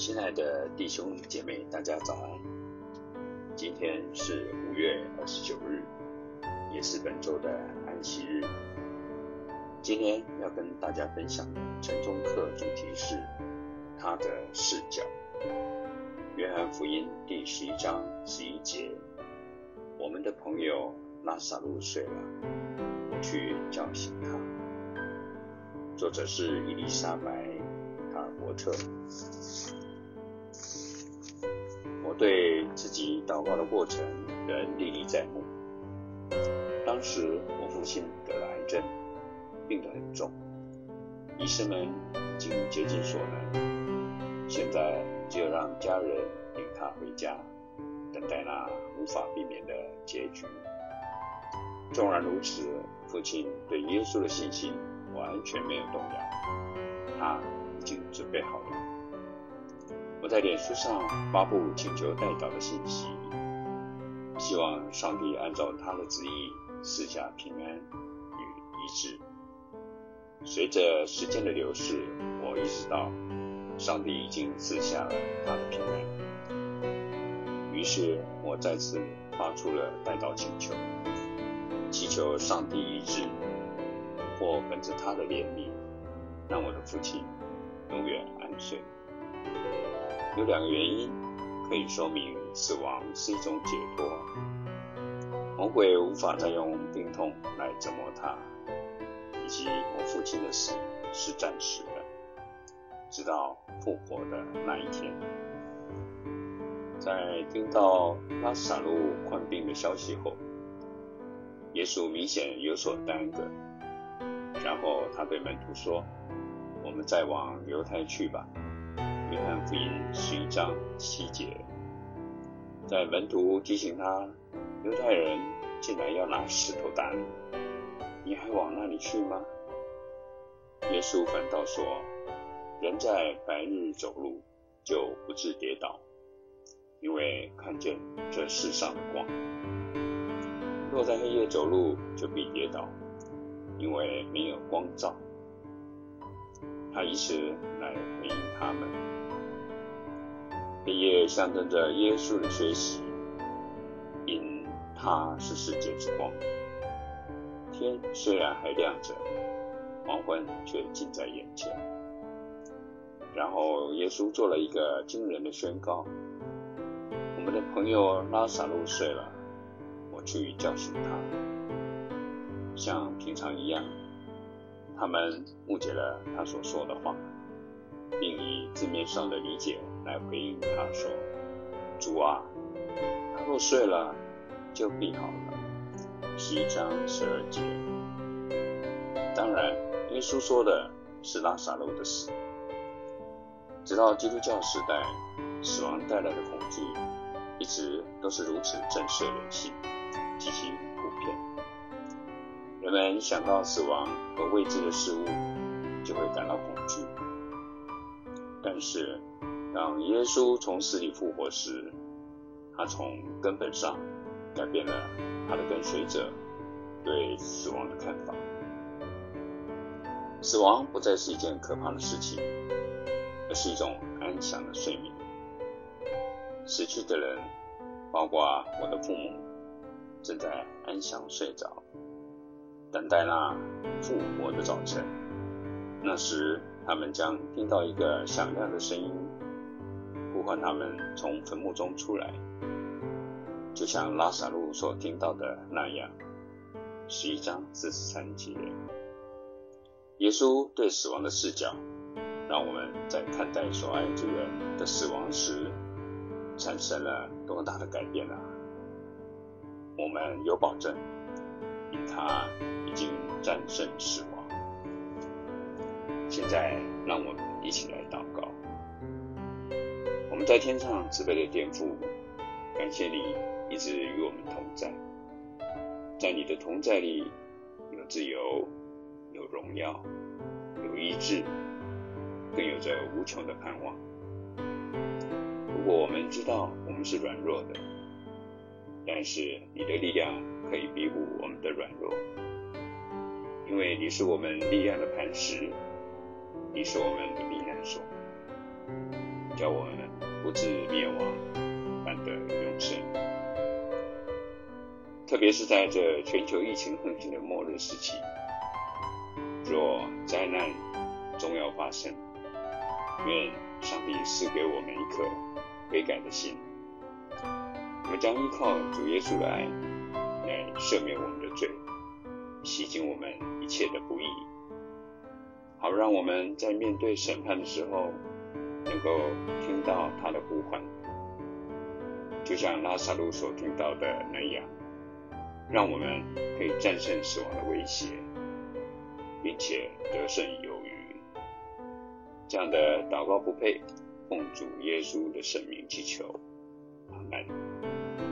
親愛的弟兄姐妹，大家早安！今天是五月二十九日，也是本週的安息日。今天要跟大家分享的晨鐘課，主題是他的視角。約翰福音第十一章十一節。我們的朋友拉薩路睡了，我去叫醒他。作者是伊麗莎白·卡爾伯特。我對自己禱告的過程仍歷歷在目。當時我父親得了癌症，病得很重，醫生們已經竭盡所能，現在只有讓家人領他回家，等待那無法避免的結局。縱然如此，父親對耶穌的信心完全沒有動搖，他已經準備好了。我在臉書上發布請求代禱的信息，希望上帝按照他的旨意賜下平安與醫治。隨着時間的流逝，我意識到上帝已經賜下了他的平安，於是我再次發出了代禱請求，祈求上帝醫治，或本着他的憐憫，讓我的父親永遠安睡。有兩個原因可以說明死亡是一種解脫：魔鬼無法再用病痛來折磨他，以及我父親的死是暫時的，直到復活的那一天。在聽到拉撒路患病的消息後，耶穌明顯有所耽擱，然後他對門徒說：“我們再往猶太去吧。”約翰福音十一章七節，在門徒提醒他，猶太人近來要拿石頭打，你還往那裡去嗎？耶穌反倒說，人在白日走路就不至跌倒，因為看見這世上的光；若在黑夜走路就必跌倒，因為沒有光照。他以此來回應他們。黑夜象徵着耶穌的缺席，因他是世界之光。天雖然還亮着，黃昏卻近在眼前。然後耶穌做了一個驚人的宣告：“我們的朋友拉撒路睡了，我去叫醒他，像平常一樣。”他們誤解了他所說的話，並以字面上的理解。來回應他說：“主啊，他若睡了，就必好了。”十一章十二節。當然，耶穌說的是拉撒路的死。直到基督教時代，死亡帶來的恐懼一直都是如此震懾人心，極其普遍。人們想到死亡和未知的事物，就會感到恐懼。但是，當耶穌從死裡復活時，他從根本上改變了他的跟隨者對死亡的看法。死亡不再是一件可怕的事情，而是一種安詳的睡眠。死去的人，包括我的父母，正在安詳睡着，等待那復活的早晨。那時，他們將聽到一個響亮的聲音。不管他們從墳墓中出來，就像拉撒路所聽到的那樣。十一章四十三節，耶穌對死亡的視角，讓我們在看待所愛之人的死亡時，產生了多大的改變呢、啊？我們有保證，他已經戰勝死亡。現在，讓我們一起來禱告。在天上，慈悲的天父。感謝你一直與我們同在。在你的同在裡，有自由，有榮耀，有醫治，更有着無窮的盼望。如果我們知道我們是軟弱的，但是你的力量可以彌補我們的軟弱，因為你是我們力量的磐石，你是我們的避難所，叫我們。不致滅亡，反得永生。特別是在這全球疫情橫行的末日時期，若災難終要發生，願上帝賜給我們一顆悔改的心。我們將依靠主耶穌的愛來赦免我們的罪，洗淨我們一切的不義，好讓我們在面對審判的時候，能夠聽到他的呼喚，就像拉撒路所聽到的那樣，讓我們可以戰勝死亡的威脅，並且得勝有餘。這樣的禱告不配奉主耶穌的聖名祈求，阿門。